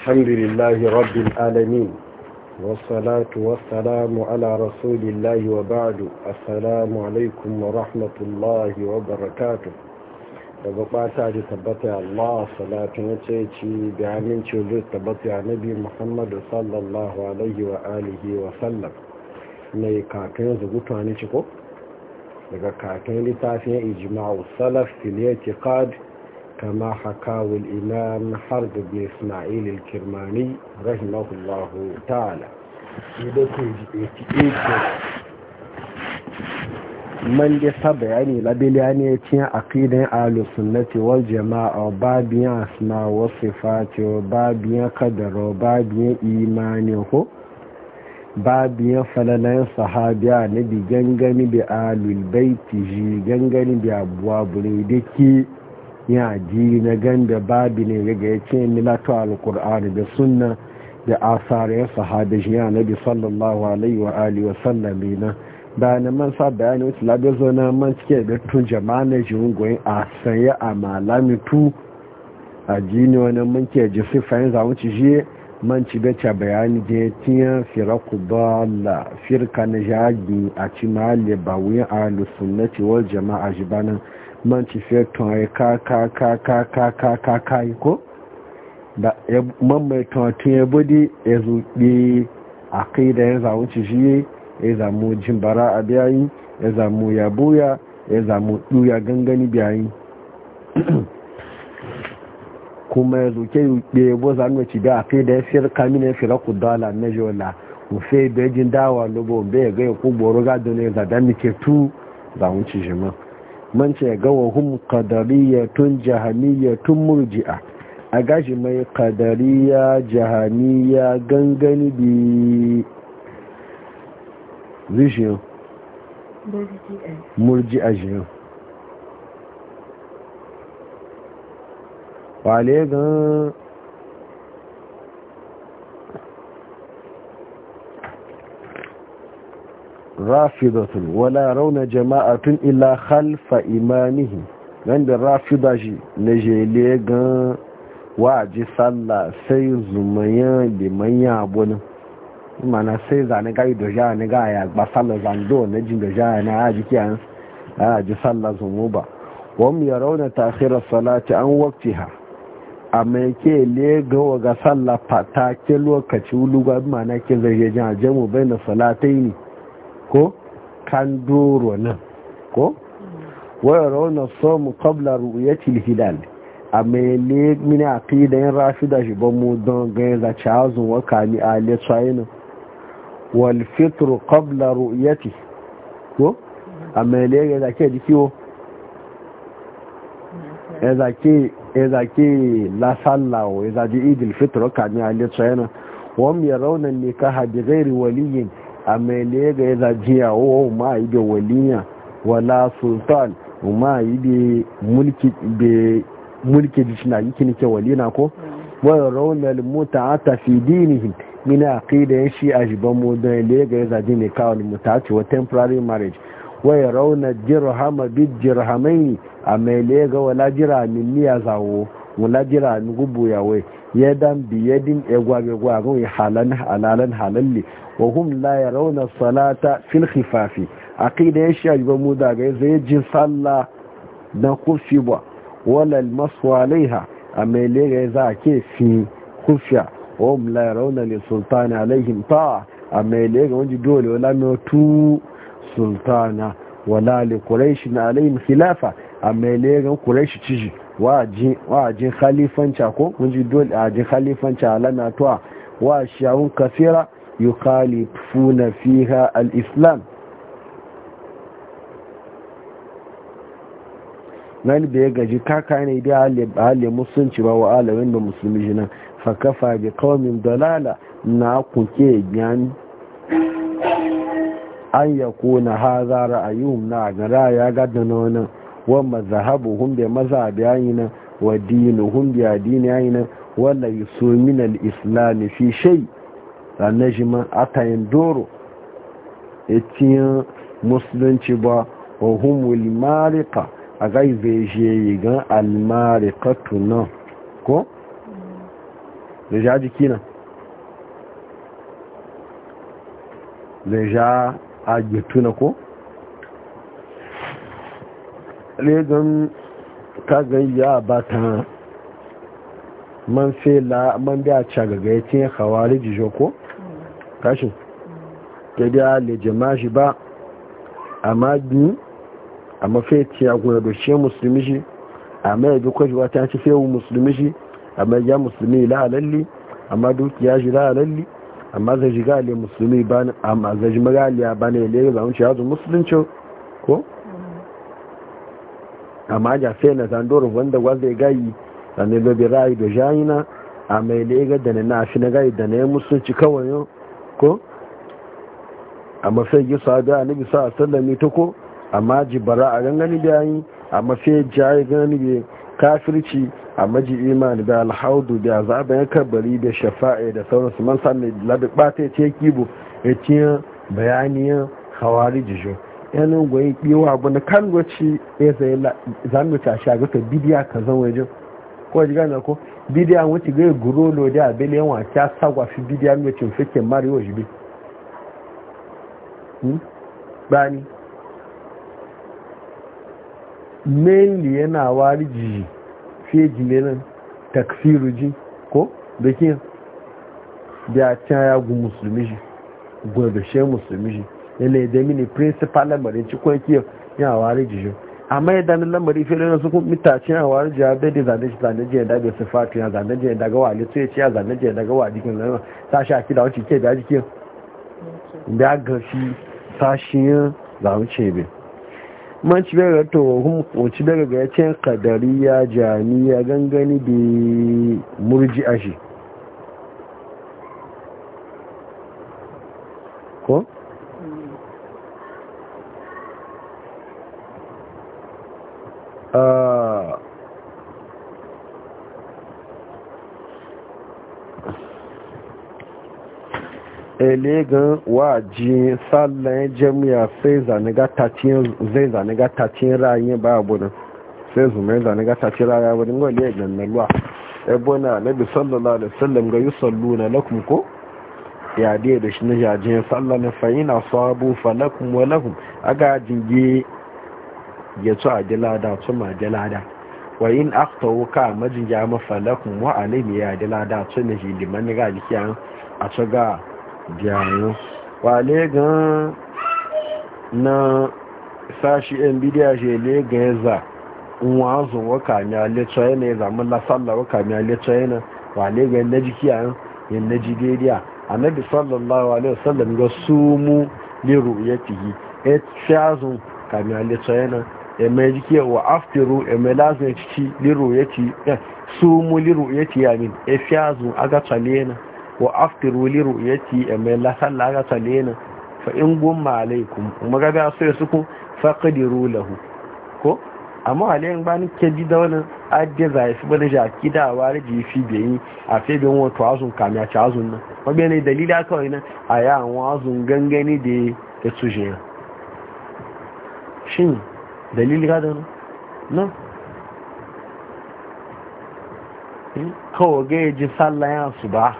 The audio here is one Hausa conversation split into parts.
الحمد لله رب العالمين والصلاة والسلام على رسول الله وبعد السلام عليكم ورحمة الله وبركاته daga ɓata da tabbata Allah salatu na ce ci da aminci da tabbata a nabi Muhammadu wa alihi sallam mai katon zuguta ne ciko daga katon littafin ijma'u salaf كما حكاه الإمام حرب بن إسماعيل الكرماني رحمه الله تعالى man da saba yani labila ne cikin aqidan ahlus sunnati wal jama'a babiyan asma wa sifati babiyan qadaro babiyan imani ko babiyan falalan sahabiya nabi gangani bi ahlul baiti ji gangani bi abwa buridiki ya ji na ganda babi ne ga ya ce milatu alkur'ani da sunna da asar ya sahada shi ya nabi sallallahu alaihi wa alihi wa sallam na bayanan man sa bayani wasu labar zona man cike da tun jama'a na ji hungoyin a sanya a malamitu a ji ne wani man ke ji sifayin zamuci shi man ci da ca bayani da ya tiya firaku bala firka na jagi a ci mahalle ba wuyan ahalusunnati wal jama'a shi banan manci ci fiye ka ka ka ka ka ka ka ka yi ko da man mai tunatun ya budi ya zuɓi a kai da ya zamu ci shi ya zamu jin bara a biyayi ya zamu ya buya ya zamu ɗuya gangani biyayi kuma ya zuke yuɓe ya bo zamu ci biya a kai da ya da kamina ya fira ku dala na jola ufe bejin dawa lobo bai ga ya ku boro gadon ya zada mike tu zamu ci shi ma man ce ga wahum qadariyatun tun murji'a a gashi mai qadariya jahamiya gangani bi zishiyo murji'a jiyo wale gan rafidatun wala rauna jama'atun ila khalfa imamihi nan da rafida shi na jele gan waji sallah sai zumayen liman ya abunan mana sai zane gari da ja ne ga ya ba sallah zando na jin da ja na aji kiyan aji sallah zumu ba wam ya rauna ta'khir salati an waqtiha amma ke le ga ga sallah fata ke lokaci lugar mana ke zai bai ajamu salatai ne. ko kan doro nan ko waya rauna somu kabla ru'yatil hilal a mai ne mini a rafi da shi ban mu don gani ci cazun waka ni a letsayin wal fitru kabla ru'yati ko a mai ne ya zake jikiwo ya ya zake la sallawo ya zaji idil fitru ka ni a letsayin wani ya rauna ka bi ghairi waliyin a mai lega ya zajiya wa ma yi da waliya wala sultan ma yi da mulki da shina yi kinike ke walina ko wani raunar muta ta fi dinihim mina aqida ya shi a jiban mu don ga ya zaji ne kawai muta ce wa temporary marriage wai raunar jirhama bid jirhamai a mai ga wala jira min niya zawo wala jira min gubu yawai yadan biyadin egwa-egwa gun halalan halalle wa hum la yarawna salata fil khifafi aqida ya shi ba mu daga zai ji sallah da kufi ba wala al maswalaiha amma le ga za ke fi kufiya wa hum la yarawna li sultani alaihim ta amma le ga wani dole wala mai tu sultana wala li quraish alaihim khilafa amma le ga quraish ciji wa khalifanci ko mun ji a ajin khalifanci alana to wa shawun kafira yukhalifuna fiha al-islam nan da ya gaji kaka ne da hali musulunci ba wa alawin da musulmi jinan fakafa bi kawamin dalala na kuke yan an ya kona ha za na gara ya gada na wani wa mazahabu hun bai mazahabi nan wa dinu hun bai adini wala yusumina al-islam fi shay' ranar shi ma a tayin doro etiyan musulunci ba ohun wilmarika a gai shi yi gan almarika tunan ko? da ja jiki nan da ja a gituna ko? regan kagan ya ba ta man fela man a cagaga ya tiyan hawari jijo ko? kashi ta da le jama shi ba a magi a mafaiti a gura shi musulmi shi a mai yabi kwashi ta ci fewu musulmi shi a mai ya musulmi la halalli amma dukiya shi la'alalli a amma zai shiga musulmi ba amma zai shiga magali ba ne lere zaun ci yazo musulunci ko amma ja sai na zandoro wanda wanda ya gayi sannan lobe rayu da jayina a mai lega da na fi na gayi da na yi musulunci kawai yau ko a mafi yi sada a nabi a sallami ta ko amma bara a gangani da a mafi jaye gani da kafirci a maji imani da alhaudu da zaɓen karbari da shafa'a da su man sami labi bata ce kibo ya ciye bayaniyar hawari jijo yanin gwai biyo abu na kan goci ya zai zamita a bidiya ka zan wajen ko ji gane ko bidiyan wuce gai guro lo da abele yawa ta sagwa fi bidiyan wuce fike mario jibi hmm? bani mainly yana wari jiji fiye jimenin takfiru ji ko da kiyan da ta ya gu musulmi ji gwadashe musulmi ji yana da mini principal lamarin cikon kiyar yana wari jijin a mai da nan lambari fere na sukun mitacin a wani jihar da zane shi zane jiya da bai sifatu ya zane jiya daga wali to ya ce ya zane jiya daga wali jikin ta sashi aki da wuce ke da jiki da ga shi gafi sashiyin zamu ce bai man ci bega to hun ci bega ga ya ce kadariya jami'a gangani bi murji ashi elegan wa ji sallan jami'a sai zaniga tatin zai zaniga tatin rayin ba abun sai zume zaniga tatin rayin abun ngo le gan na lwa ebona nabi sallallahu alaihi wasallam ga yusalluna lakum ko ya dai da shi na jajin sallan fa ina sabu falakum wa lahum aga jinge ya ci adilada su ma adilada wa in aktawo ka majin ya mafalakun wa alim ya adilada su na shi liman ga alikiyan a su jayo wale gan na sashi yan bidiya shi le ga ya za nwa zo waka mi alecha ya zama na sallah waka mi alecha yana wale ga na jiki a yan na ji daidai annabi sallallahu alaihi wasallam ga sumu li ru'yatihi et ka mi alecha yana e mai jiki wa aga wa aftiru li ru'yati amma la salla ga salena fa in gumma alaikum kuma ga ba suku, su faqdiru lahu ko amma alayin ba ni ke ji da wani adde zai su bane jaki da wari ji fi biyi a fe bin to azun ya ci azun nan be ne dalili aka wai nan a ya an azun gangani da ya tuje shin dalili ga da nan hmm? kawo ga ya ji sallayan su ba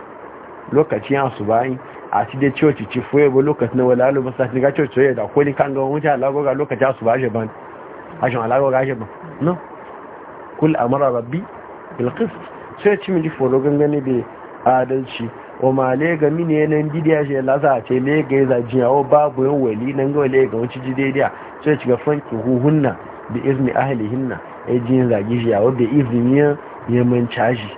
Lokaci ya su bayi a ti dai coci ci foye ba lokaci na wala alu masu ga coci soye da kwani kan gawon wuce alagoga ya su ba ban ashin alagoga ashe ban no kul amara rabbi bilkis sai ci min ji foro gangane da adalci o ma le ga mini ne nan didiya ya la za ce le ga ya zaji yawo babu yan wali nan ga le ga wuce ji daidai sai ci ga fanki huhunna da izini ahalihinna ya ji yin zagi shi yawo da izni ya yaman shi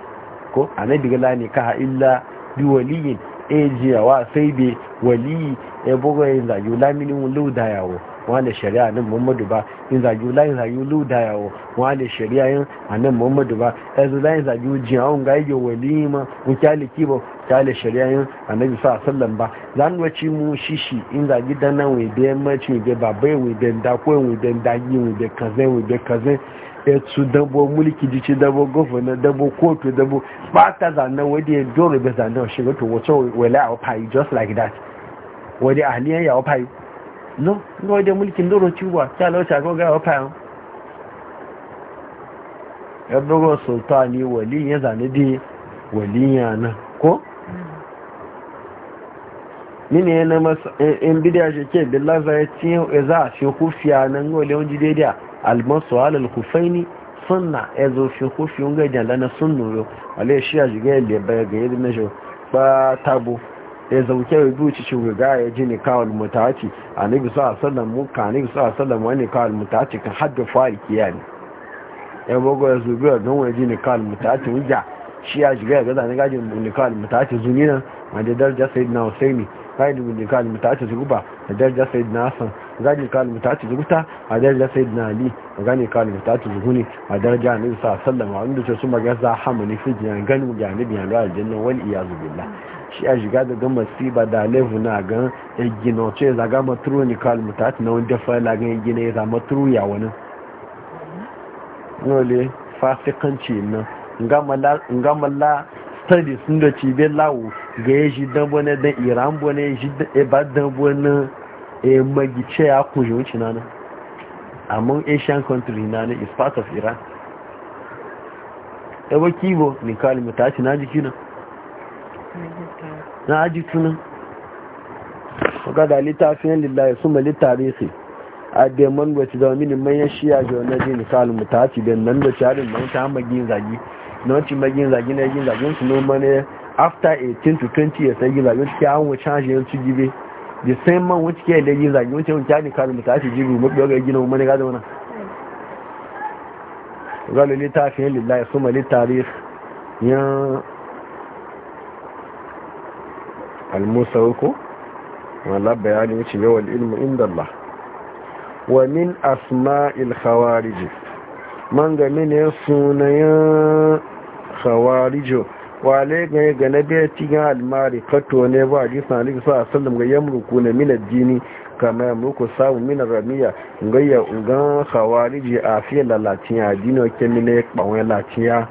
ko anabi gala ne ka illa bi waliyin ejiyawa sai bi waliyi e ya buga yin zayu laminin da yawo wale shari'a nan muhammadu ba yin zayu layin zayu yawo wale shari'a yin a nan muhammadu ba yanzu e layin zayu jiyawun ga yi waliyi ma mun kyale kibo kyale shari'a yin a nabi bisa sallan ba zan wace mu shishi in zagi dan nan wai bayan mace wai bayan babbai wai bayan dakwai wai bayan dagi wai bayan kazai wai bayan kazai su dabo mulki jici dabo gwamna dabo kotu dabo ba ta zanen wadda ya doro ga zanen shiga to wato wale a wapayi just like that wadda hannun ya wapayi no no wadda mulkin doro ciwa ta lauta ko ga wapayi ya dogo sultani wali ya zane di wali ya na ko nini yana masu in bidiyar shi ke billaza ya ci za a shi kufiya nan wale wajen daidai almasu halal kufaini sunna ya zo fi kufi gaji da na sunnu yau wale shi a jiga da bai ga yadda na shi ba tabo ya zauke ya duci shi riga ya ji ne kawal mutaci a nabi sa sallam mu ka nabi sa sallam wani kawal mutaci kan hadda fari ne ya bogo ya zubi a don waje ne kawal mutaci wuja shi a jiga ya zane gajin ne kawal mutaci zunina wanda daraja sayyidina husaini zaidun galibu zuba a daraja sai na san zaidun galibu a na a a sallama ce su za fi mu da wani iya zubilla shi a shiga da gama siba da alaihu na gan egino ce zaga maturu ne galibu ta na wani dafa lagan egino ya zama turu ya wani nole fasikanci nan ngamala ngamala study sun cibiyar lawo ga ya shi dan bane dan iran bane shi da ba dan bane e magice ya ku shi wuce nana among asian country nana is part of iran e ba kibo ni kali mutaci na jiki na na aji tuna ga da littafin lillahi suma littarisi a demon wacce zama mini manyan shiya ga wani jini kalin mutaci da nan da sharin manta magin zagi na wancin magin zagi na yin zagin su noma ne after 18 to 20 years ɗaya zagin suke cikin awon change yau ci gibe the same man wacce ke ɗaya zagin wacce wacce ne kalu mutu ake jibe mafi yau ga gina wani mani gada wana ta galo littafin lillahi suma littarif ya almusa uku wala bayani wacce yawan ilmu inda Allah wa min asma il khawarij man ga ne sunayen khawarijo wale gane gane biya cikin almari fato ne ba a jisun alibi sa a sallam ga yamruku na minar jini kama yamruku samun minar ramiya ngayya ungan hawariji a fiye da dino jini wa kemi ne kpanwe latiya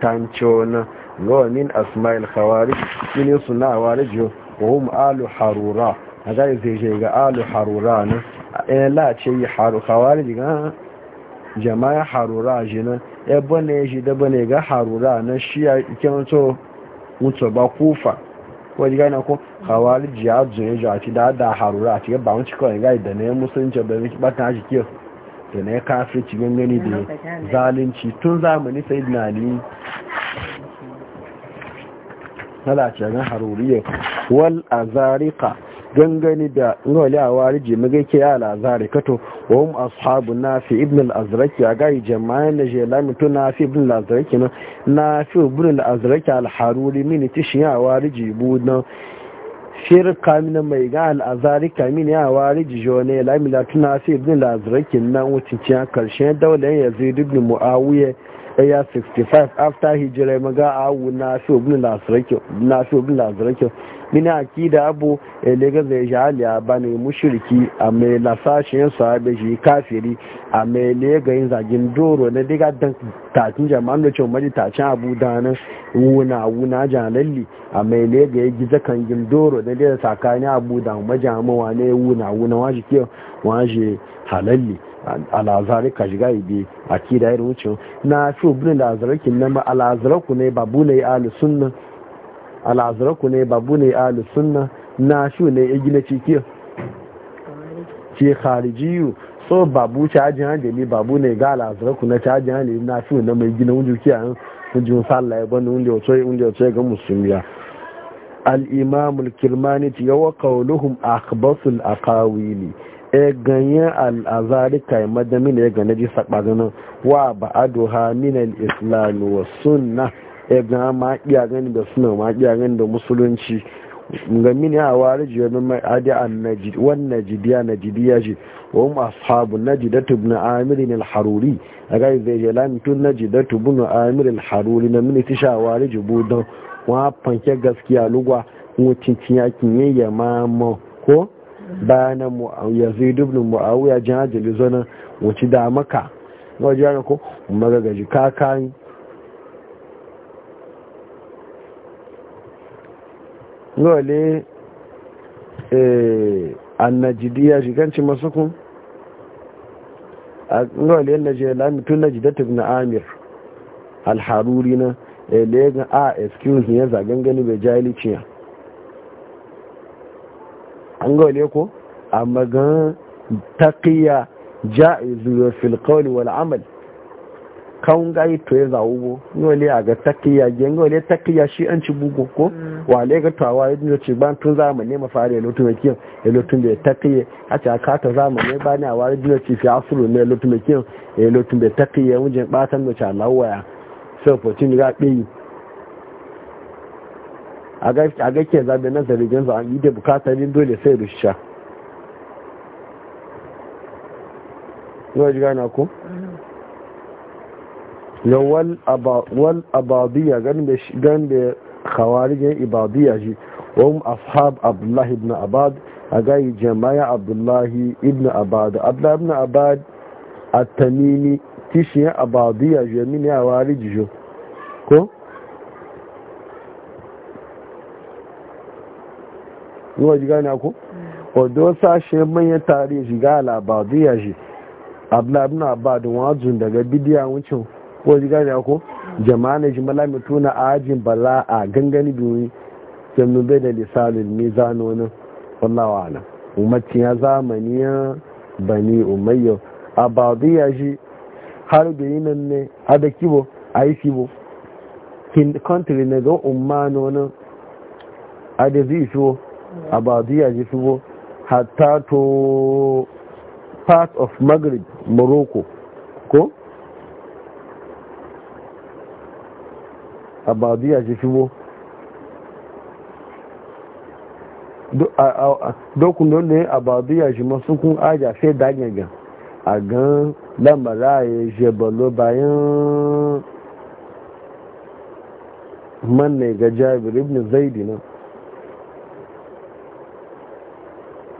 tancho na gawa min asma'il hawariji mini suna hawariji wa hum alu harura a zai zai je ga alu harura na a yi eh, lace yi haru hawariji ga jama'a harura jina ya bane shi da bane ga harura na shiya ikin to mutu ba kufa ko ji gane ko hawali ji ya ji a da da harura a ba wani cikin ga da ne musulunci da ba ta ji ke to ne ci cikin gani da zalunci tun zamani sai na ni ce ga haruriya wal azarika gangani da ngoli a warije magai ke ya lazari kato wa hum ashabu fi ibn al-azraki a gari jama'an na je lami to fi ibn al-azraki na fi ibn al-azraki al-haruri mini tishi ya warije bu na shirka min mai ga al-azari kamin ya warije jone lami la tuna fi ibn al-azraki na wucin ciyar karshen daular yazid ibn muawiya ya 65 after hijira ya maga a awu na fi obin a mina da abu elega zai ji aliya ba ne mushirki a mai lasashen sahabe shi kafiri a mai lega yin zagin doro na diga dan tatin jama'an da cewa mai tacin abu danin wuna wuna janalli a mai lega ya gizo kan gin doro na diga tsakanin abu da majamawa ne wuna wuna waje ke halalli alazari ka shiga ibi a kida irin wucin na fi obin da azarakin nan ba alazaraku ne babu ne ahli sunna alazaraku ne babu ne ahli sunna na shi ne ya gina ciki ce kharijiyu so babu cajin hankali babu ne ga alazaraku na cajin hankali na shi ne mai gina wujuki kiyayen wujin sallah ya gwani wunde wato wunde wato ga musulmiya al-imam al-kirmani ya wa qawluhum akhbasul aqawili e ganyen al'azari kai madamin ya gane ji saɓanin wa ba aduha minal islam wa sunna e ga ma iya gani da suna ma iya gani da musulunci ga mini a wari jiyo min mai adi an najid wan najidiya najidiya ji wa hum ashabu najidatu ibn amir al-haruri aga zai je lan tun najidatu ibn amir al-haruri na mini tisha wari jibu don wa fanke gaskiya lugwa mutuncin yakin yayya mamo ko bayanan yazid ibn muawiya jin ajali zonan wuci da maka wajen yana ko magagaji kakan lole eh, annajidiya shiganci masukun lole yana je lamitun najidatu na amir alharuri na eh, legan a ah, excuse ne ya zagangani bai bai liciya an ga wale ko a magan ja ja'izu fil qawli wani amal kan gai to ya zawo bo ngole a ga takiya ga ngole taƙiya shi an ci bugu ko mm. wale ga tawa yin ci ban tun zamani ma ya lotu me kiyo e lotu ya taƙiya a ta ka ta zamane ba ne a wari dole ci fi asuru ne lotu me ya e lotu be takiye mun je batan mu cha lawaya sai fotin ga bi a ga ke zaɓe na zarigin za a yi da bukatarin dole sai rusha yau ji gana ku? wal ababiya gan da khawarijin ibabiya ji wani ashab abdullahi ibn abad a gayi jama'a abdullahi ibn abad abdullahi ibn abad a tamimi tishiyar ababiya ji mini a wari jijo ko? yau ji gane ko wadda ashe manyan tare shi ga labadu ya shi abdullabin abadun wajen daga bidiyar wucin ko ji gane ko jama'a na jimala tuna a ajin bala a gangani domin jamin bai da lisalin mizanonin wallawa ala umarci ya zamani ya bani umayyau abadu ya shi har da yi nan ne a da kibo a yi kibo country na ga umarnonin a da zai so abadiya ji shigo hatta to part of maghrib morocco ko abadiya ji shigo dokun don ne abadiya ji masu kun aja sai danyagan a gan lambara ya balo bayan ne ga jabir ibn zaidi nan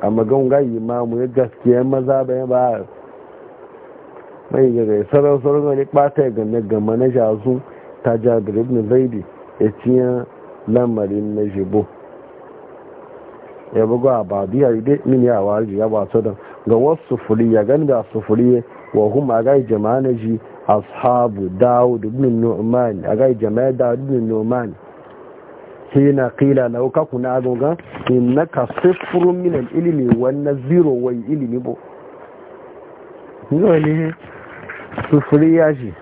a magan gayi ma mu ya gaskiyar maza bayan ba mai gaga sarar sarar wani ɓata ya gane gama na jazu ta jabir ibn zaidi ya ciye lamarin na jibo ya bugu a babiyar ide min ya warji ya ba su da ga wasu sufuri ya gani da sufuri furi wa hum a gai jama'a na ji ashabu dawud ibn nu'man a gai jama'a dawud ibn nu'man hina kila lauka ka kuna goga ka sifrun min al-ilmi wannan zero wai ilimi bo ne sufuri ya shi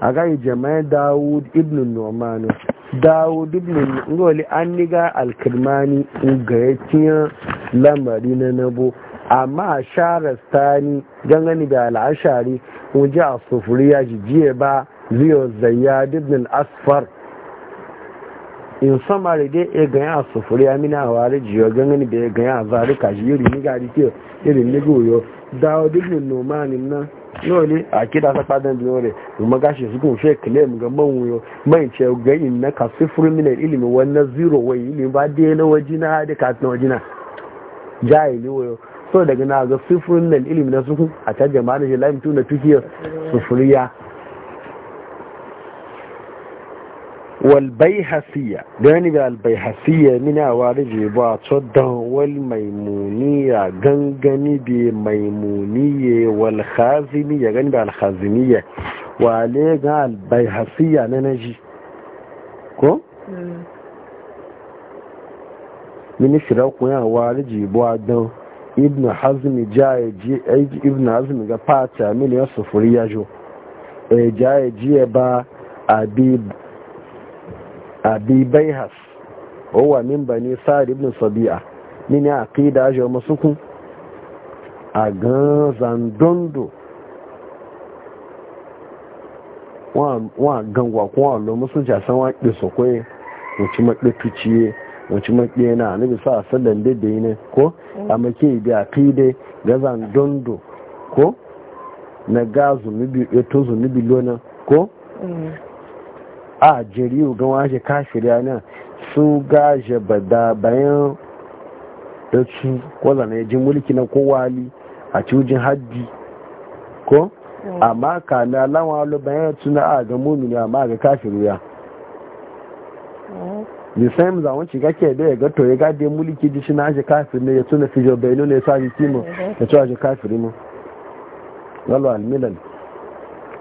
a gaghi jama'i dawud ibn nomanu dawud ibn ngoli an niga alkirmani ga ya lamari na nabo amma a sharastani gangani da al'ashari wuje a sufuri ya shi jiye ba ziyo zayyad ibn asfar in summary dai e a sufuri ya mina a wari jiyo gangan da ya ganyan a zari kashi yiri ni gari ke yiri ni goyo dawo dukkan nomanin nan lori a kida ta fadan lori kuma gashi su kun she claim ga man wuyo man ce na ka sufuri mina ilimi wannan zero wai ilimi ba dai na wajina hadi ka na wajina jahili wuyo so daga na ga sufuri mina ilimi na a can da shi lamitu na tukiyar sufuriya والبيهسية جانب البيهسية من أوارج باتصد والميمونية جنجني بميمونية والخازمية جانب الخازمية وعليه البيهسية ننجي كو من شرق أوارج باتصد ibn hazmi jaye ibn hazmi ابن حزم miliyan sufuri ya jo e jaye jiye ba abi abi baihas huwa min bani sa'ad ibn sabi'a min ya aqida ajo masukun a gan zandondo wa gangwa kuma lo musun jasan wa ke sokwe wuci maɗe tuciye wuci maɗe na na sa sallan da da ne ko a make bi aqida ga dondo ko na ga zunubi eto zunubi lona ko a jiriyu ga washe kafiriya nan su gaje bada bayan da su kwazana na yajin mulki na kowali a cikin hajji ko mm. amma ka na lawan alu bayan suna a ga mummi mumini amma ga kafiriya the mm. same za wanci kake da ya gato ya gade mulki ji na shi kafir ne ya tuna fijo bayanu ne ya sa ji kimo mm-hmm. ya ci kafiri mu lalo almilan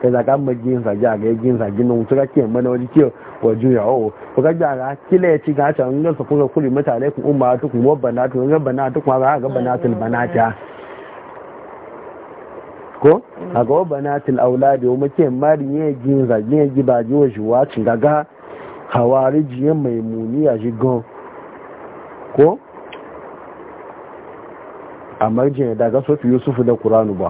Ka zaga ma gin zagi a gai gin zagi nan wuce kake mana wani ke wa juya o ko ga jaga kila ya ci gacha in ga su kuma kuli mutane ku umma ta ku wabbana to ga bana ta kuma ga bana til banata ko mm. a ga wabbana til auladi o muke mari ne gin zagi ne gi ba ji wa shi wa cin gaga hawariji e ya maimuni ya shi gan ko a marjin e daga sofi yusufu da kuranu ba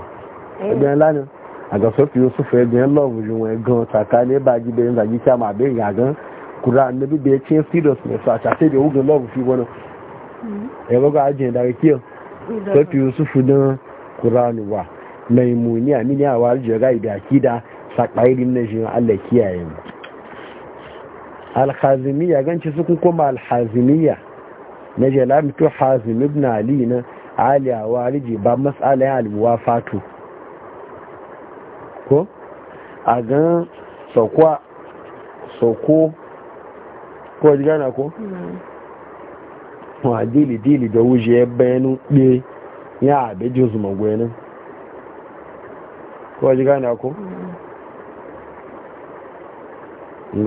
ɗan eh. e lanin a mm-hmm. ga agasofi yusuf ya biyan love ju wọn gan tsakani ba ji bayan zagi kya ma bayan yagan kura annabi da ya ce serious ne so a ta sai da wugan love fi wani ya baga ajiyar daga kiyo sofi yusuf don kurani wa maimuni amini a wari jirga ibi akida sakpairin na jiran allah kiyaye mu alhazimiya ganci su kuma alhazimiya na jalamitu hazim ibn ali na ali awa aliji ba masala ya albuwa fatu ko a gan sokwa soko ko ji gana ko wa dili dili da wuje ya bayanu ɗe ya abe ji su magwani ko ji gana ko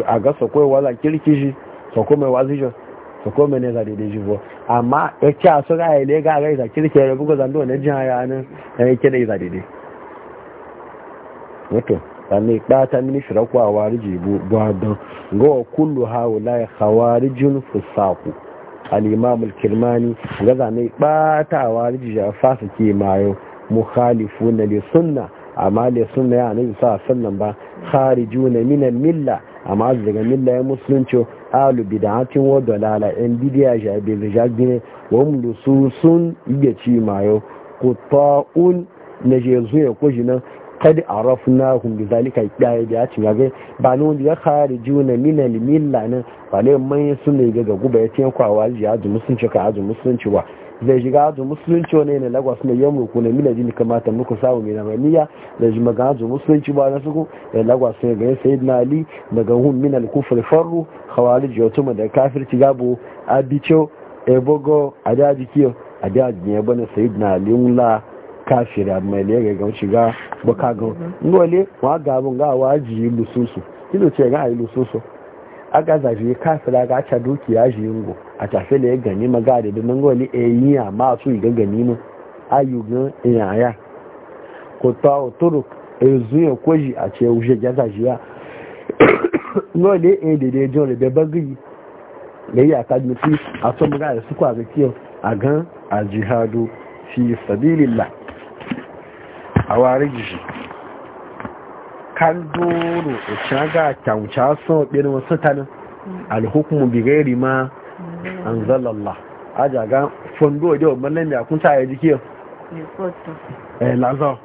a ga soko wala kirki shi soko mai wazi shi ko mai nesa daidai shi jibo amma ya ce a sun aile ga ga isa kirki ya rabu ga zando na jin haya nan ya yi kira isa daidai wato sami ta mini ko a wariji gwadon gawa kullu hawa laye hawarijin fusaku al'imamul kirmani ga zane ba a wariji ya fasa ke mayo mukhalifu na sunna amma sunna ya nabi sa sannan ba kharijuna na minan milla amma daga milla ya musulunci alu bid'ati wa dalala yan bidiya ja be jagine wa mulusun iya mayo qutaun na ya kushi kad arafnahum bizalika ya ya da cin ga ba ne wanda ya kharijuna min al milla ne ba ne man sunne ga ga guba ya ce kwawa ya azu musulunci ka azu musulunci wa zai shiga azu musulunci ne ne lagos ne yamu ku ne mila jin kamata muku samu mai namaniya da ji maga azu musulunci ba na suku da lagos ne ga na ali daga hun min al kufr faru khawarij yotuma da ci gabo abicho ebogo adaji kiyo adaji ne bana na ali la kafira mai lega ga shiga baka ga ngole wa ga bun ga waji lususu kilo ce ga ai lususu aga zaje kafira ga ta dukiya ji ngo a ta fele gani maga da nan ngole e yiya ma su ga gani mu ayu ga e ya ko ta oturuk e zuye koji a ce uje ga zaje ya ngole e de de jore be bagi yi. ya ta mutu a so maga su kwa ga kiyo a gan a jihadu fi sabilillah a wari gishi kan doro shaga kyauta sun ɗin wasu tanin alhukumu bi ma an zalalla a jaga fondo da wabban nan ya kunta ya jike eh lazo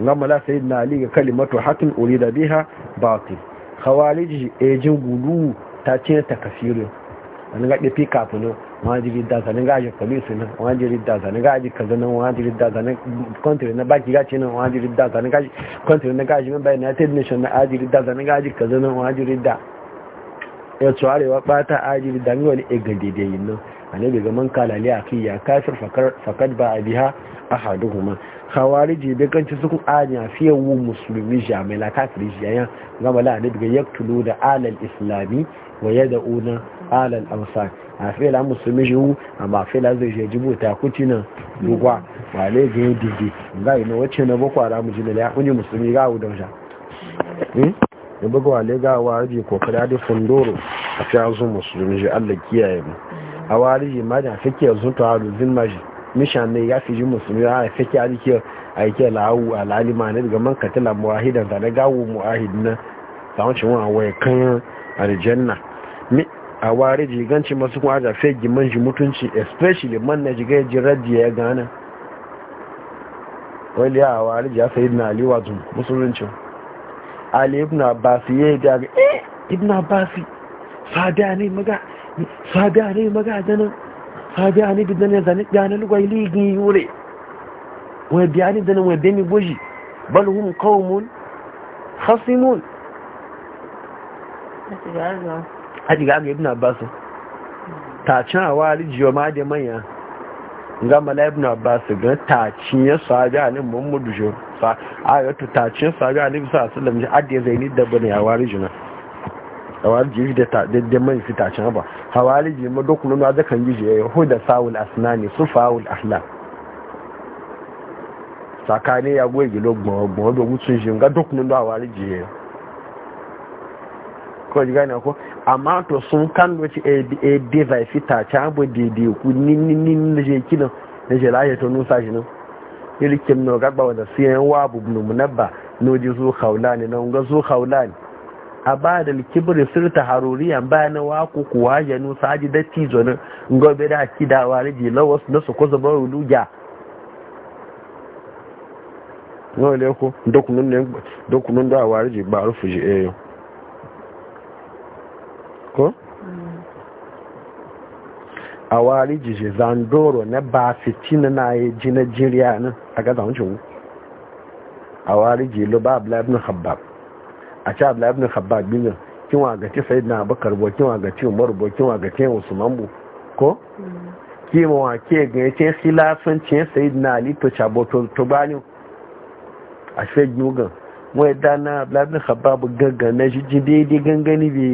lamala sai na liga ga kalimatu hakin da biha batil khawarij ejin gudu ta ce ta kafirin an ga kafinu wajibi da zanen gaji kalisu nan wajibi da zanen gaji kaza nan wajibi da zanen kontiri na baki gaci nan wajibi da zanen gaji kontiri na gaji memba united nation na wajibi da zanen gaji kaza nan wajibi da ya tsarewa bata wajibi da ngwani egade da yin nan annabi ga man kala li akiya kafir fakad ba a biha ahaduhuma khawariji be kanci suku anya fiye wu musulmi jamila kafiri jayan gama la annabi ga yaktulu da alal islami wa yad'una alal amsa. a fela musulmi hu? amma fela zai je jibu ta kuti nan dugwa ba ne ga yi didi ga yi na wacce na boko haramu mu da ya kunye musulmi ga awu sha ne buga wale ga warije kokari da fundoro a fi yanzu musulmi shi allah kiyaye mu a warije ma da fi kiyar zuta haru zin maji misha ne ya fi ji musulmi a fi kiyar kiyar a yi kiyar la'awu a lalima ne daga man katila muwahidan da na gawo muwahid na samun wa a waya kan aljanna a ware jiganci masu kuma aja fai giman ji mutunci especially man na jigai jirajji ya gana wani ya ware ji ya sayi na aliwa tun musuluncin ali ibn abbasi ya yi daga eh ibn abbasi sada ne maga sada ne maga zanen sada ne bidan ya zane ganin gwai ligin yure wai biya ne zanen wai bemi goji bal hum qaumun khasimun That's a haji ga aga ibn abbas ta cin a wari jiyo ma da manya ga la ibn abbas ga ta cin ya sabi alim mu jo sa a yato ta cin sa sallam ji adde zaini da bane a wari juna a wari da ta da man fi ta cin ba hawari jiyo ma dokunu na zakan asnani ya goyi ko ji gane ko amma to sun kan wace a fita ta ci abu daidai ku ninnin da je kina da je laye to nusa shi nan yirkin no gaba wanda su yan wa bu munabba no ji zu na nan ga zu ne a ba da kibir sirta haruriyan ba na waku kuwa ya nusa ji da tizonin gobe da kidawa riji lawas na su kusa ba ruluja no le ko dokunan da wari ji ba rufu ji eyo eh, ko a wari jiji zandoro na ba fitina na yi jina jiriya nan a gaza wu. a wari jilo ba abu laifin habab a ci abu laifin habab binin kinwa ga ci sai na bakar bo kinwa ga ci umaru bo kinwa ga ci usman bu ko kima wa ke ga ya ce silafin sai na ali to chabo to bani a shi yugan wai dana abu laifin habab gaggana shi ji daidai gangani bi.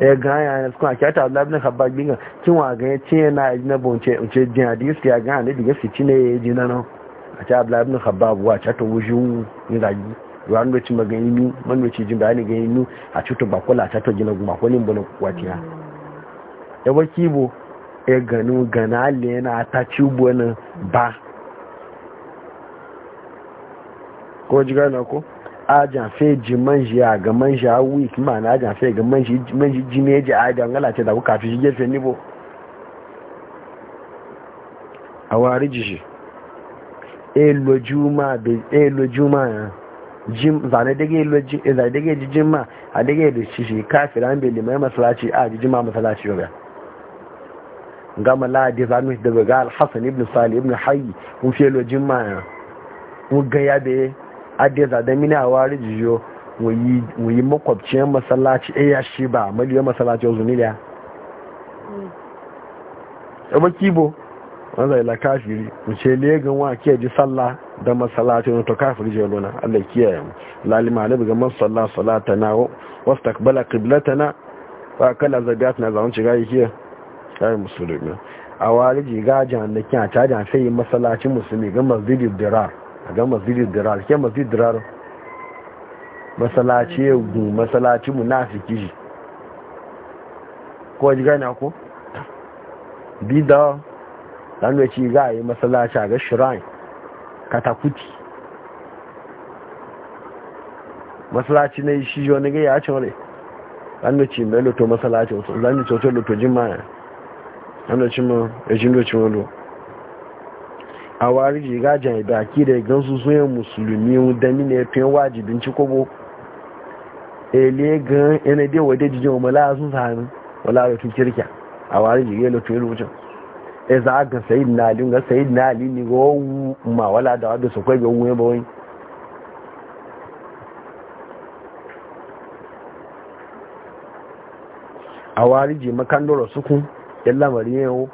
Eh, ya gan ya ne suka kyata Allah ibn Khabbab bin kin wa ga yace na na bonce ce jin hadisi ya gan ne diga sici ne jina na no a ta Abdullah ibn Khabbab wa ta to wuju ni da yi ran da ci magani ni man da jin bayani ga yinu a cuto bakola ta to gina guma kolin bana kwatiya ya wakibo ya ganu gana le yana ta ci bona ba ko jiga na ko ajan fe ji manji a ga manji a week ma na ajan fe ga manji manji ji ne ji ajan ngala ce da ku kafi shi gefe nibo a wari ji shi elu lo juma be e juma ya jim zane dage elu ji e zane dage ji ma a dage da shi shi kafin an be limai masalaci a ji ma masalaci yau ya gama ladi zanu da ga al-hasan ibn salih ibn hayy mun fi lo jima ya mun ga ya be adda zaɗa mini a wari jiyo wuyi makwabciyar masallaci eh ya shi ba maliyar masallaci yanzu ne ya hmm. ba kibo wanda ila kafiri mu ce legan wa ke ji sallah da masallaci to kafiri je lona Allah kiyaye mu lalima ne buga man sallah salatana wastaqbala qiblatana wa kala zabiatna zaman ci gayi kiyaye kai musulmi a wari ji gajan da kyan ta da sai masallacin musulmi ga masjidid dirar a ga masjidin dirar ke masjidin dirar masalaci ya gun masalaci munafiki shi ko ji gani ako bida lanar ci za a yi masalaci a ga shrine katakuti masalaci na shi wani ga ya cin rai lanar ci mai loto masalaci wasu lanar ci wato loto jimaya lanar ci ma ejin loto wani a wari jiga jan da aki da gan su zuwa musulmi da mine fiye wajibin ci kobo ele gan yana dai wade jijin wa mala sun sami wala da tun kirkiya a wari jiga da fiye lokacin e za a ga sayid na ali ga sayid na ali ne ga wawu ma wala da wadda su kwaibe wuye ba wani a wari je makandoro sukun yalla mariyewo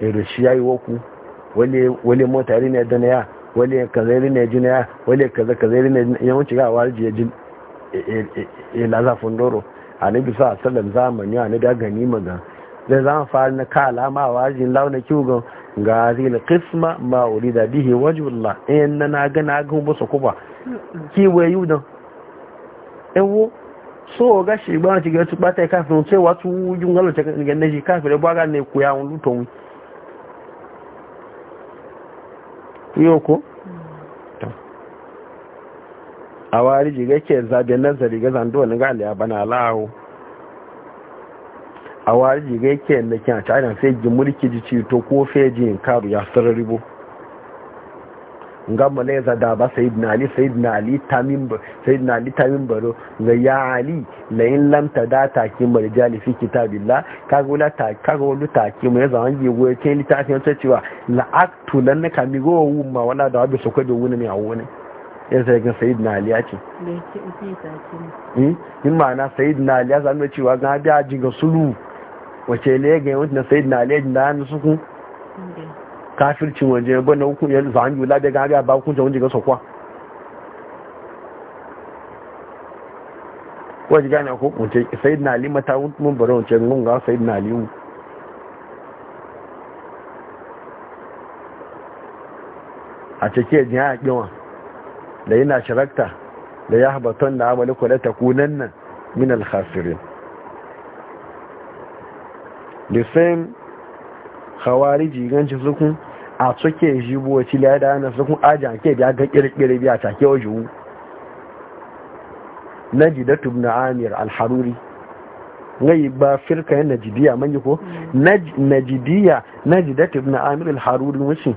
ero shi yayi woku wale mota rina da na ya wale kaza rina ji na ya wale kaza kaza rina ya wuce ga warji ya ji lazafin e, e, e, laza a na bisa asalin zamani a na da gani maga zai zama fari na kala ma a warjin launa kyugan ga zai kisma ma bihe bihi wula. in na na ga na ga musu kuba kiwe yudan ewu so ga shi ba su ga tu bata kafin cewa tu jungalo ta ga ne shi kafin ba ga ne ku ya lutonwi yau ko? a wari jiga ke zabe nazari ga zando wani ga a bana lahu a wari jiga ke da kyan a sai ji mulki ji cito ko fejin karu ya sarari ribo. nga maleza da ba sayyidina ali sayyidina ali tamim sayyidina ali tamim baro ga ya ali la in lamta da ki marjali fi kitabillah kaga wala ta kaga wala ta ki mu zaman wangi go ke litafin ta cewa la aktu lan ka mi go ma wala da wabi su kwabe wuni ne a ya sai ga sayyidina ali ya ce hmm? in ma'ana sayyidina ali ya zama cewa ga biya ji ga sulu wace ne ga yawan sayyidina ali da na ku. kafircin waje ya gwada hukun ya zan yi wula gari a ba hukunce wajen ga sokwa waje gane ko wace sayid na lima ta mun bari wace mun ga sai na limu a cike jin ya kiwa da yana shirakta da ya haɓaton da amali kula ta kunan nan min alhasirin the same hawari jiganci sukun a suke jibo ciliya da yana sukun ajiya ke biya ga kirkiri biya take wa jiwu najidatu ibn amir alharuri. Ngayi ba firka yan najidiya manji ko mm. najidiya najidatu ibn amir al-haruri wuce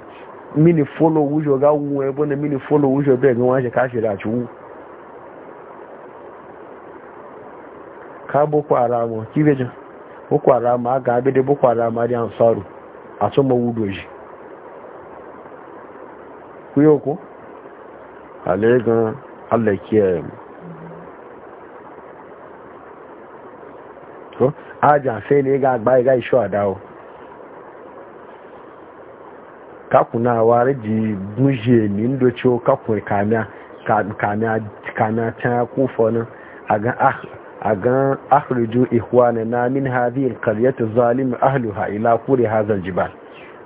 mini follow wujo ga wuwa ya bane mini follow wujo bai ga wani kashi da ciwu ka boko haramu kibejin boko haramu ga abin da boko haramu da ansaru a sun mawudoji ku yau ko halayen allah kiyaye mu ko aja sai ne ga agba ga iṣu adawo kakuna wa reji guje ni ndoci o kakun kamiya kamiya can kufa nan a gan ahrijo ihwanan na min hadhihi alqaryati zalim ahluha ila kuri hadha aljibal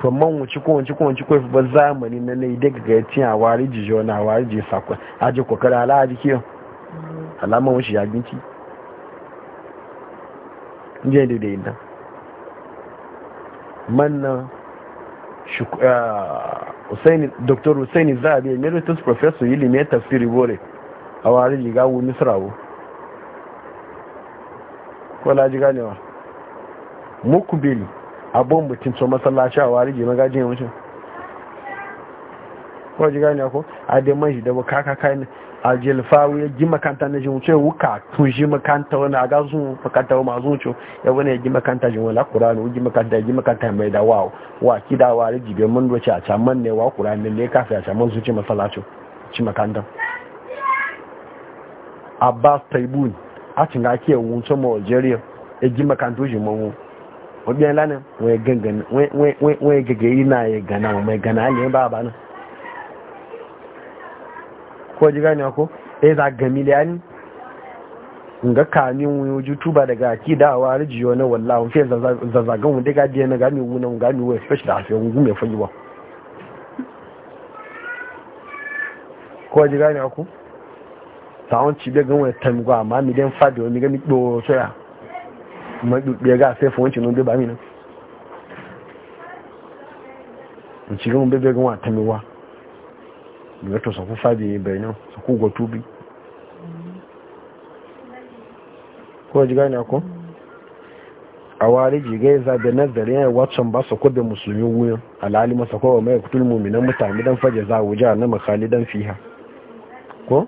to man wuci ko wuci ba zamani na na daga ga tin a wari jijo na wari ji sakon aje kokari ala aji kiyo alama wuci ya ginci je da dai nan manna Dr. Usaini Zabi Emeritus Professor ilimin tafsiri wore a wari jiga wu Misrawo ko ganewa mukubili abun bukin so masallaci a wari je magajin yawancin ko ji gani ko a da man shi da ba kaka kai ne a jelfawu wuya ji makanta na jin wuce wuka tun ji makanta wani a gazu makanta wa mazu wuce ya wani ya ji makanta jin wani kurani ji makanta ya ji makanta mai da wa wa kida wa riji bai mun doce a caman ne wa kura ne kafa a caman su ci masallaci ci makanta abbas taibun a cin ake wuce ma algeria ya ji makanta jin mamu wajen lanin wai gagayi na ya gana mai gana ne ba ba nan ko ji gani ko ya za gami da yani ga kamin wuyo tuba daga aki da awa rijiyo na wallahun fiye zazzagan wanda ga biya na gami wuna gami wa especially da afiyar gungun mai fayi ba ko ji gani ko sa'on cibe gan wani tamgwa amma midan fadi mi gami ɗo ya? maɗuɗɗiya ga sai fawon cinu bai ba in ci bebe a wari za da nazarin ya watson ba su kudin musulmi wuyan alhali masa kowa mai kutul muminan mutane don faje za wuja na makhalidan fiha ko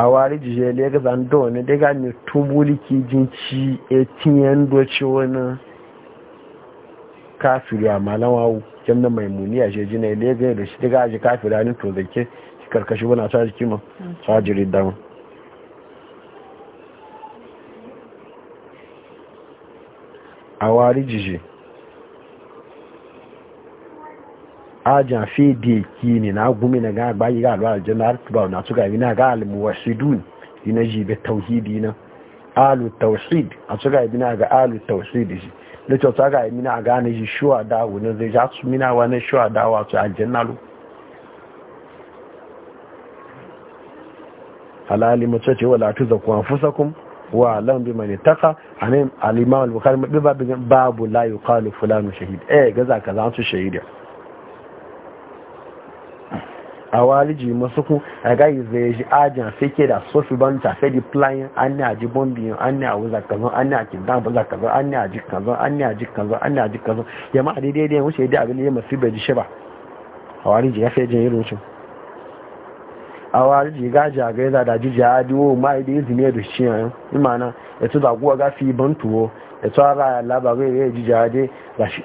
a wari jije le ga zando wani daga ne tubuliki jinci e tiyan doce wani kafiri a malawawu jamna maimuni a jina na ga da shi daga aji kafiri a nito da ke karkashi wani a jiki kima ta dama a wari jije ajan fe de ki ni na gumi na ga bayi ga alwa aljanna har tuba na suka yi na ga almuwashidun ina be tauhidi na alu tauhid a suka yi na ga alu tauhid shi da to ta ga yi na ga ne yi shuwa da wani zai ja su mina ne shuwa da wato aljanna lu halali mace ce wala tu zaku anfusakum wa lam bi man ittaqa anan al al-bukhari babu la yuqalu fulanu shahid eh gaza kaza su shahida a waliji masu ku a gayi zai ji ajin sai ke da sofi banta sai di playin an ne a ji bombiyin an ne a wuza kazan an ne a kindan buza kazan an ne a ji kazan an ne a ji kazan an ne a ji kazan ya ma a daidai da wuce da abin da ya masu bai ji shi ba a waliji ya sai jin irin shi a waliji ga ji a gaisa da ji ya adiwo ma ya da izini da shi yayin eh. imana ya ci zaguwa gafi bantuwo ya ci ara ya labarai ya a jihade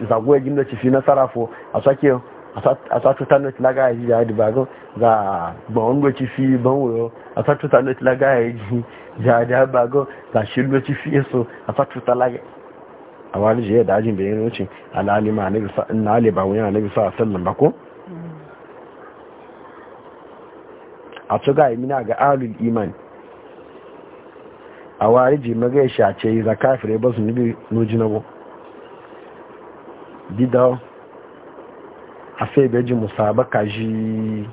zaguwa gimda ci fi na sarrafo a sake a satuta na tilaga ya ji ya di bago za gbawon goci fi ban wuyo a satuta na tilaga ya ji ya di bago za shi goci fi eso a satuta laga a wani jiya da ajin bayan wucin alalima na aliba wuyan anabi sa sallan bako a tuga imina ga alul iman a wariji magai shace za kafirai ba su nubi nujinawo bidawo a sai da ji musabaka shi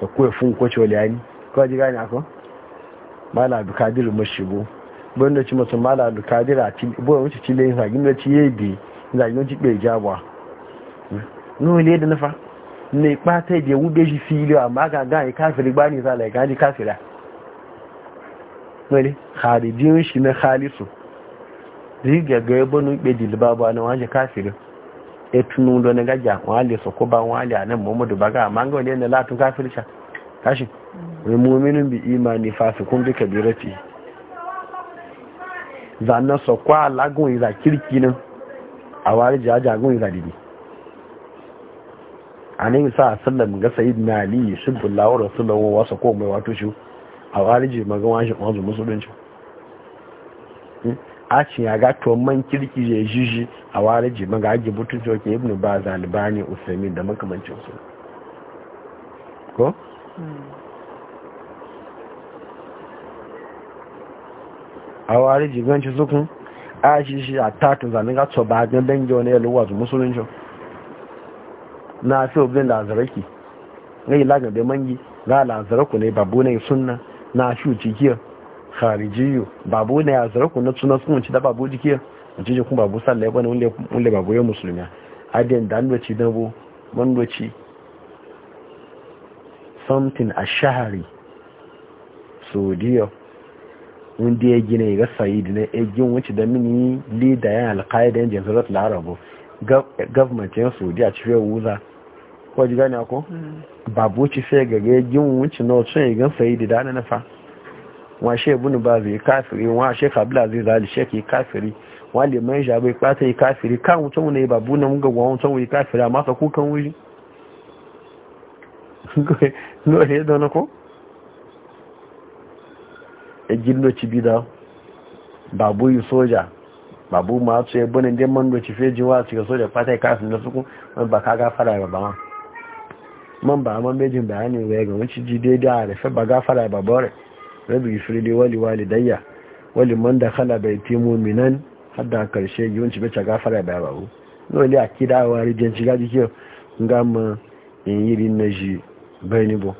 da kuwa fun ko cewaliyani kawai ji gani akwai mala abdulkadir mashigo bayan da ci masu mala abdulkadir a ci bayan wuce ci layin zagin da ci yayi zagin wuce bai jabuwa nole da nufa ne kpata da wube shi fili amma ga gani kafiri ba ne zala ga ji kafira wani harijin shi na halisu zai gaggaye banu ikpe jilba ba na wajen kafirin etunu do ne na gaja wale so ko ba wale a muhammadu baga amma ga wani ne latun kafirsha kashi wai muminin bi imani fasikun bi kabirati zanna so kwa lagun yi za kirki nan a wari jajagun yi za didi anan nan sa sallam ga sayid na ali shibbullah wa rasulullah wa sa ko mai wato shi a wari ji magawa shi wanzu musulunci a ya ga to man kirki ya jiji a wani jiban ga ake butun coke ibn ba ne usaimin da makamancin su ko a wani jiban ci sukun a jiji a tatun zanen ga to ba gan dangi wani yaluwa su musulunci na fi obin lazaraki na yi lagar da mangi ga lazaraku ne babu ne sunna na shi ucikiyar kharijiyu babu ne a zara na suna sun ci da babu jike a ji kuma babu sallai bane wanda wanda babu ya musulmi adiyan da andoci da bo mandoci something a shahari saudiya wanda ya gina ga sayid na egin wuce da mini leader ya alkaida yan jazirat larabu government yan a cikin wuza ko ji gane ko mm. babu ci sai ga egin wuce na wasu egin sayid da na nafa wa sheikh ibn baz ya kafiri wa sheikh abdulaziz ali sheikh ya kafiri wa liman jabe kwata ya kafiri kan mutum ne babu na mun ga wa mutum ya kafiri amma sa ku kan wuri no ne don ko e gillo cibida babu yi soja babu ma su ya bunin man doci fe jiwa su ga soja kwata kafiri na da suku wani ba ka gafara ya ba man ba man bejin bayani wa ya ga wanci ji daidai a rufe ba ga gafara ya babare rabbi firli wali walidayya wali man da bai baiti mu'minan har da karshe yiwon ci bace gafara bai babu dole a kida wa rijin shiga jike ga mu in yiri na ji bai ni bo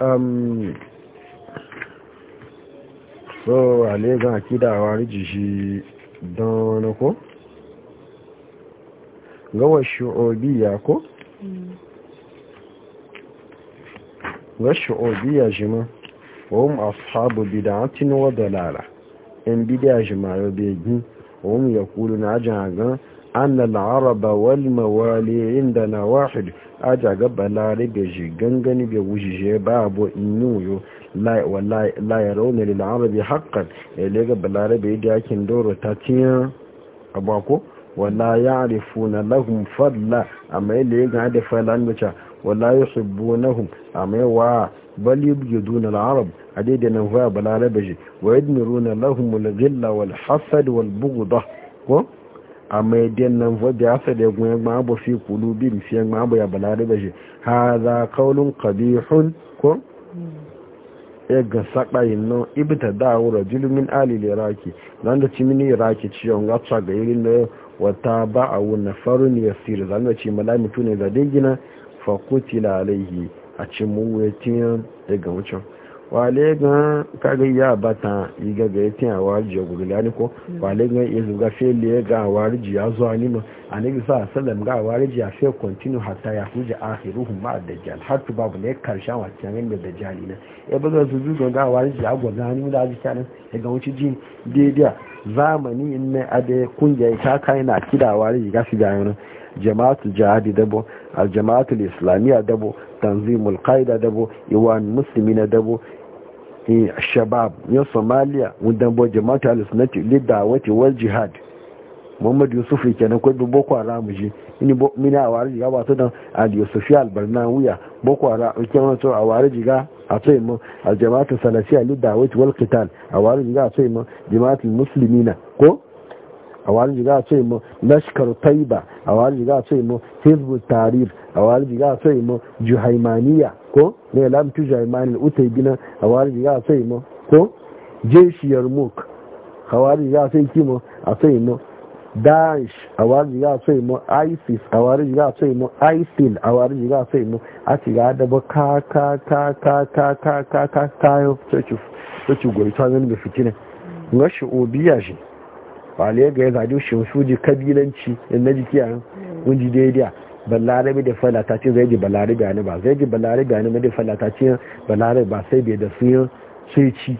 um so ale ga kida wa rijin shi don ko gawa shu'obiya ko mm. والشعوبية جمع وهم أصحاب بدعة وضلالة إن بدعة جمع يبيجين وهم يقولون أجعنا أن العرب والموالي عندنا واحد أجعنا بلارب يجي جنجن بيوجي بابو إنيو la ya rauna lil arabi haqqan ile ga balarabe da yakin doro ta tiya abako wala ya'rifuna lahum fadla amma ile ga da falan mace wala yuhibbunahum amma yawa bal yubghiduna al-arab adida nan fa balarabe wa yadmiruna lahum al-ghilla wal hasad wal bughda ko amma den nan fa da asa da ya ma ba fi qulubin fi ma ba ya balarabe za qawlun qabihun ko ya ga saɓayin nan ibita da'ura julumin alil iraki zan da cimini iraki ciyon gatsa ga irin da wata ba a wuna farin ya zan da ci malamitu ne da digina fakutila alaihi a cin mun ya tiyan daga wucin wale ga kaga ya bata yi gaga ya tiyan warji ya gurula ni ko wale ga ya zuga fele ya ga warji ya zuwa ni ma a nabi sa sallam ga warji ya fe continue hatta ya huja akhiruhu ma dajjal har tu babu ne karshen wancan ran da dajjali na ya e baga su zuga ga warji ya gurula ni da ji kana ya ga wuci jin daidai zamani in ne ade kungiya ta kai na kidawa warji ga shi ga yana jama'atul jihadi dabo al jama'atul islamiyya dabo tanzimul qaida dabo iwan muslimi na dabo shabab ya somalia wudan bo jama'atu al-sunnati lidawati wal jihad muhammad yusuf kenan ko bi boko haram ji ni bo mina wari ga ba to dan al yusufi al barnawiya boko haram kenan to a wari jiga a to mu al jama'atu salasiya lidawati wal qital a wari jiga a to mu jama'atul muslimina ko a wani jiga ce mu lashkar taiba a wani jiga ce mu hizbu Tarir a wani jiga ce mu juhaimaniya ko ne lamtu juhaimani utai gina a wani jiga ce mu ko jeshi yarmuk a wani jiga ce kimo a ce mu daesh a wani jiga ce mu isis a wani jiga ce mu isil a wani jiga ce mu a ci ga da ba ka ka ka ka ka ka ka ka ka ka ka ka ka ka ka ka ka ka wale ga ya zaɗi shi suji kabilanci in na jiki a wunji daidai balarabe da falata ce zai ji balarabe ne ba zai ji balarabe ne ma da falata ce balarabe ba sai bai da su sai ci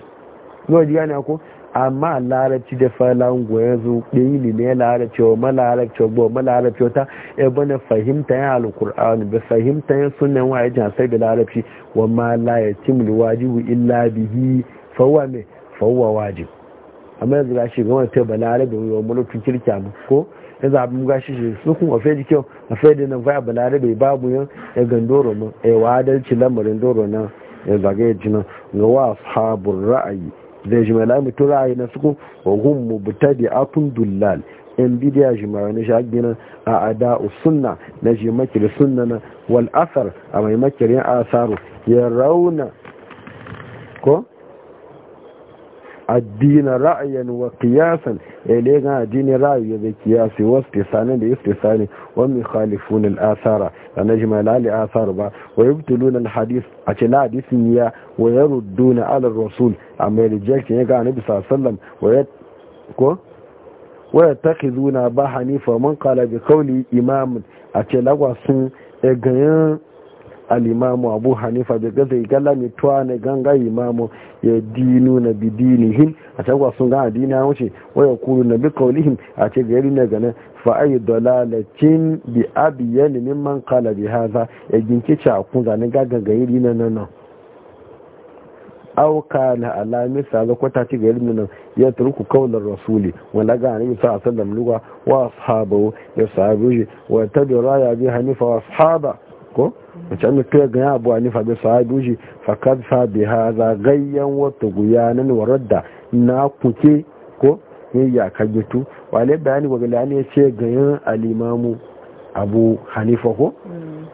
yau ji yana ko amma larabci da falan goya zo ɗini ne larabci wa malarabci wa goma larabci wata ya bane fahimta ya alkur'an da fahimta ya sunan wa ya sai da larabci wa ma la ya timul wajibu illa bihi fawwa ne fawwa wajibu amma yanzu gashi ga wani teba larabe wa mulkin kirki mu ko yanzu abin gashi shi su kun afe kyau a da nan faya balarabe babu yan ya gandoro mu ya wadalci lamarin doro na ya zagaye jina ga wa sabon ra'ayi zai da mai mutum ra'ayi na suku wa hun da atun dullal in bidiya jimara na shagina a ada usunna na jimakir sunna na wal asar a mai makirin asaru ya rauna ko addina ra'ayan wa qiyasan ele ga addini ra'ayi da qiyasi wa istisani da istisani wa mukhalifun al-athara anajma al athar ba wa yubtiluna al-hadith a ce la hadisin ya wa yarudduna ala rasul amma reject ne ga annabi sallallahu alaihi ko wa yattakhizuna ba hanifa man qala bi qawli imam a ce lagwa sun ganyen al'imamu abu hanifa da gaza igala mai tuwa na ganga imamu ya dinu na hin a can sun gana a wuce waya kuru na bi kaulihin a ce gari na ganin fa'ayi dalalacin bi ya nemi man kala bi haza ya ginki cakun zanen gagan gari na nan nan. auka na alamin sa kwata ci gari nan ya turku kaular rasuli wanda ga annabi sallallahu alaihi wasallam luwa wa ashabu ya sahabu wa tabi raya bi hanifa wa ashaba ko mace mai kai ga abu a nufa bai sahabi shi fakar sabi ha Wato, wata guyanin waradda na kuke ko ya ka gitu wale bayani wa gilani ya ce gayan alimamu abu hanifa ko mm.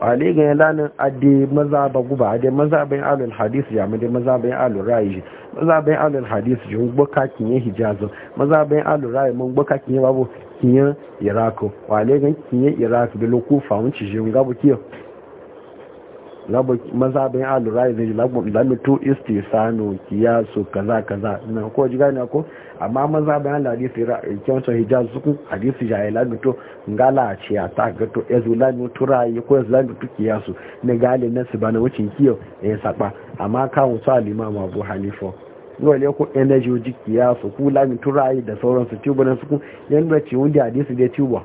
wale ga yalanin ade mazaba guba ade mazabin alul hadis ya mu de mazabin alul rayi mazabin alul hadis jin gbaka kinye hijazo mazabin alul ra'i mun gbaka kinye babu kinye irako wale ga kinye irako da lokufa mun ci jin gabu kiyo mazabin alurai ne lamitu istisanu kiyasu kaza kaza na ko ji gani ko amma maza mazabin alurai hadisi kyawancin hijaz suku hadisi jaye lamitu ngala ce a ta gato ya zo lamitu rayu ko ya zo lamitu kiyasu ne gali na su bana wucin kiyo ya eh, saba amma kawun su alimama abu hanifa dole ko energy jikiya su ku lamitu rayu da sauransu tubunan suku yan da ciwon da hadisi da tuba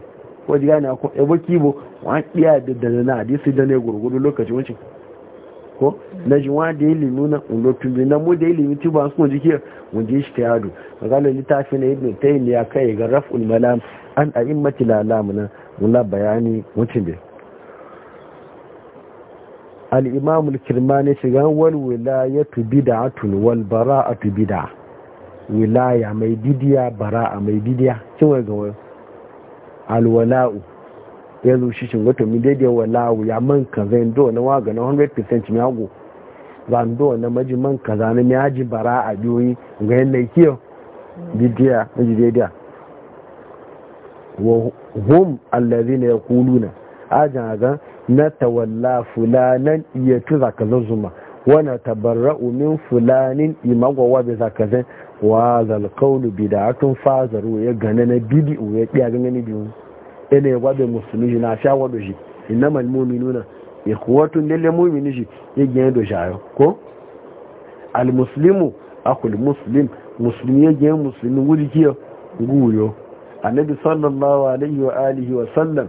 ko ji gani ko ebo kibo wani iya da na hadisi da ne gurgudu lokacin wucin ko na ji wa da ilimi na ulotun bi na mu da ilimi ci ba su kun jikiyar mu ji shi a magana littafi na ibn ya kai ga raf'ul malam an a a'immati lalam na wula bayani mutum bi al-imam al-kirmani shiga wal wilayatu bid'atun wal bara a bara'atu bid'a wilaya mai bidiya a mai bidiya cewa ga wani alwala'u ya zo shi shi wato mi daidai wa lawu ya man kaza do na waga na 100% mi hago za do na maji man ka na mi haji bara a biyoyi ga yin laikiyo bidiya na ji daidai wa hum allazi na ya kuluna ajan ga na tawalla fulanan iya tu zaka zuma wana tabarra'u min fulanin imagwawa bai zaka zai wa zalkaulu bidatun fazaru ya gane na bidi'u ya ɗiya gane biyu ina wabe musulmi na sha wado shi inna mal mu'minuna ikhwatu lil mu'mini shi ya yin do yo ko al muslimu akul muslim muslimi ya gyan muslimi wuri kiyo guyo annabi sallallahu alaihi wa alihi wa sallam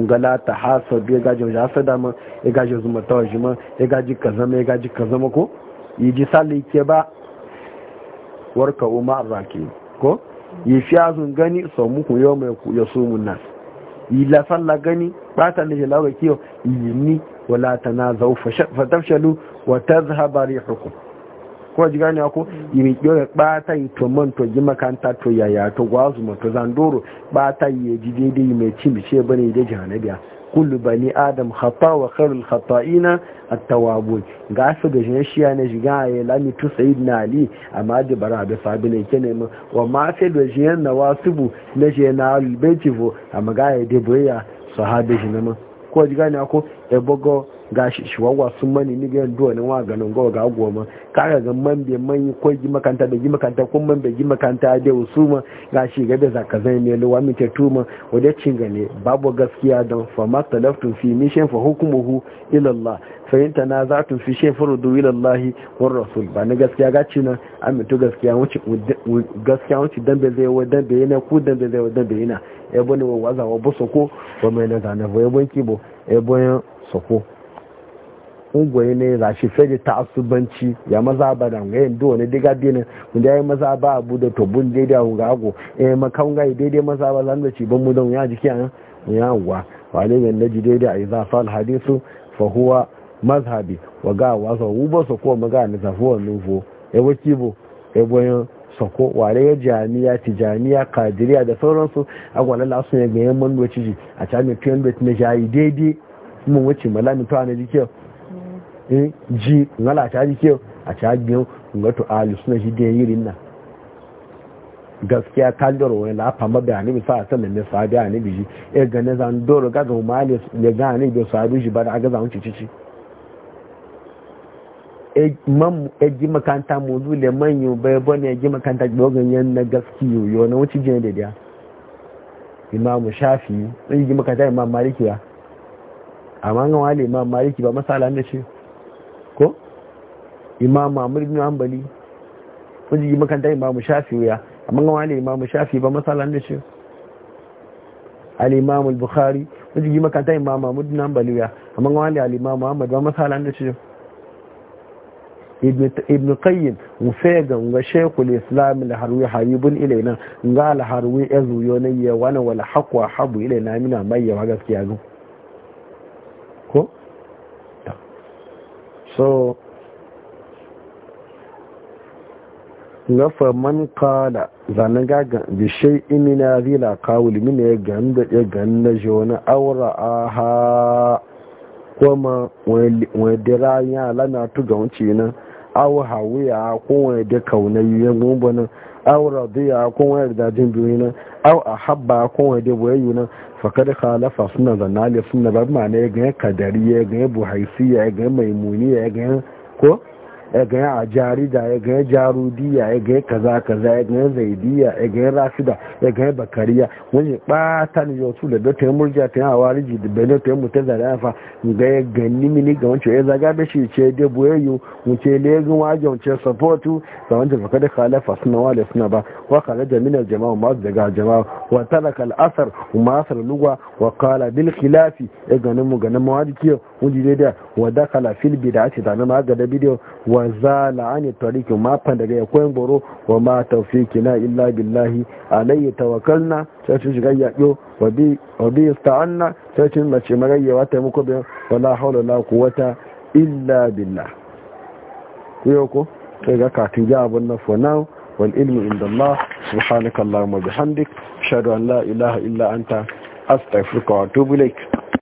ngala ta hasa bi ga jo hasa da ma e ga jo zuma ta jima e ga ji kaza ma e ga ji kaza ma ko yi ji sallai ke ba warka umar raki ko ya fi gani sau muku yau mai ya sumun nan yi la gani bata da shi lawa kiyo yi ni wala ta na zau fatafshalu wa ta zahaba rihukum ko ji gani ako yi mi kiyo ya bata yi to man to ji makanta to yaya to gwazu ma to zandoro bata yi ya ji daidai mai cin bishe bane da jihanabiya kullu bani adam khata wa kharul khata'ina at tawabun ga su da jin shiya ne shiga ya lami tu sayyidina ali amma da bara da sabi ne kene mu wa ma sai da shi na wasubu na shi na albaiti amma ga ya de boya sahabe mu ko jiga ne ko e bogo gashi shiwawa sun mani ni gayan duwa wa ganin gawa ga goma kaga ga man bai man yi ko gi makanta bai gi makanta ko man bai gi makanta da usuma gashi ga da zaka zai ne lawa mi ta tuma wada cingane babu gaskiya dan fa ma talaftu fi mishin fa hukumuhu ila Allah fa za tun fi shay'in faruddu ila Allah war rasul ba ni gaskiya gaci nan amintu gaskiya wuce gaskiya wuce dan zai wa dambe bai yana ku dan bai zai wa dan bai yana e bone wa wazawa busoko wa mai na zanawa e bonki bo e boyan soko ungwaye ne za shi fere ta asubanci ya maza ba da ngayen do na diga bina wanda ya yi maza ba abu da to bun daidai hu ga ago eh makan ga daidai maza ba zan da ci ban mu don ya jiki an ya wa wale ga naji daidai a idza fal fa huwa mazhabi wa ga wa so u so ko maga ne nufo e wakibo e boyan sako ware jami'a tijaniya kadiriya ya mandoci a cami na jayi daidai mun wuce malamin na Hmm? ji ngala a caji kiyo a caji biyu ngato alu suna shi da yirin nan gaskiya kaldor wani lafa mabiya ne sa a sallan ne sahabi a nabi shi e gane zan doro ga ga umali ne ga ne da sahabi shi ba da aga zan cici e mam e ji makanta mu zu le manyu bai bane e ji makanta dogon yan na gaskiyo yo na wuci jin da dia imamu shafi e ji makanta imam maliki ya amma ga wali imam maliki ba masala ne ce imam mamur ibn hanbali sun ji makanta imam shafi wuya amma ga wani shafi ba matsala da shi al'imamu imam al-bukhari mun ji makanta imam mamur ibn hanbali wuya amma ga wani al-imam ba matsala da shi ibn qayyim mufega ga shaykhul islam al-harwi habibun ilaina ga al-harwi azu yone ya wana wal haqqa habu ilaina mina mai yawa gaskiya go ko so nafa man kala zane gaga bi shai imina zila kawul mina ya ganda ya ganda shi wani aura aha kuma wani dira ya lana tu ga wuce nan aw hawiya ko wani da kaunayi ya gumba nan aw ya ko wani da jin biyu nan aw haba ko wani da boyayyu nan fakad suna zana zanali suna ba ma ne ga kadari ya ga buhaisiya ya ga maimuniya ya ga ko ya gaya a jarida ya gaya jarudiya ya gaya kaza kaza ya gaya zaidiya ya gaya rafida ya gaya bakariya wani bata ne yau su da dota ya murja ta yawa riji da benin ta yi mutu da rafa ga ya gani mini ga wancan ya zaga da shi ce da yi wuce legun wajen wuce sapotu ga wancan baka da khalafa suna wale suna ba wa kala da jama'a masu daga jama'a wa talaka al'asar masar lugwa wa kala bil khilafi ya ganin mu ganin mawadikiyar wuji da wa dakala fil bida da tare ma da bidiyo wa wa la'ani tarikin mafan daga ya koyan goro wa ma taufiki na illa billahi alayhi tawakkalna sai ci shiga yaƙo wa bi ista'anna sai ci mace marayyawa ta muku bayan wala haula la quwwata illa billah ku yau ko sai ga katin ya na for now wal ilmu inda Allah subhanakallahumma bihamdik ashhadu an la ilaha illa anta astaghfiruka wa atubu ilaik